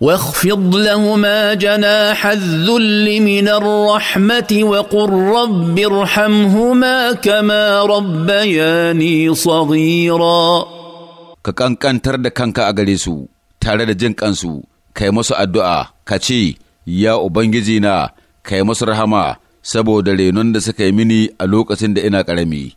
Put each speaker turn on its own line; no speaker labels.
واخفض لهما جناح الذل من الرحمه
وقل رب ارحمهما كما ربياني
صغيرا ka ƙanƙantar da kanka a gare su tare da jin ƙansu kai masu addu'a ka ce ya ubangiji na kai masu rahama saboda renon da suka yi mini a lokacin da ina ƙarami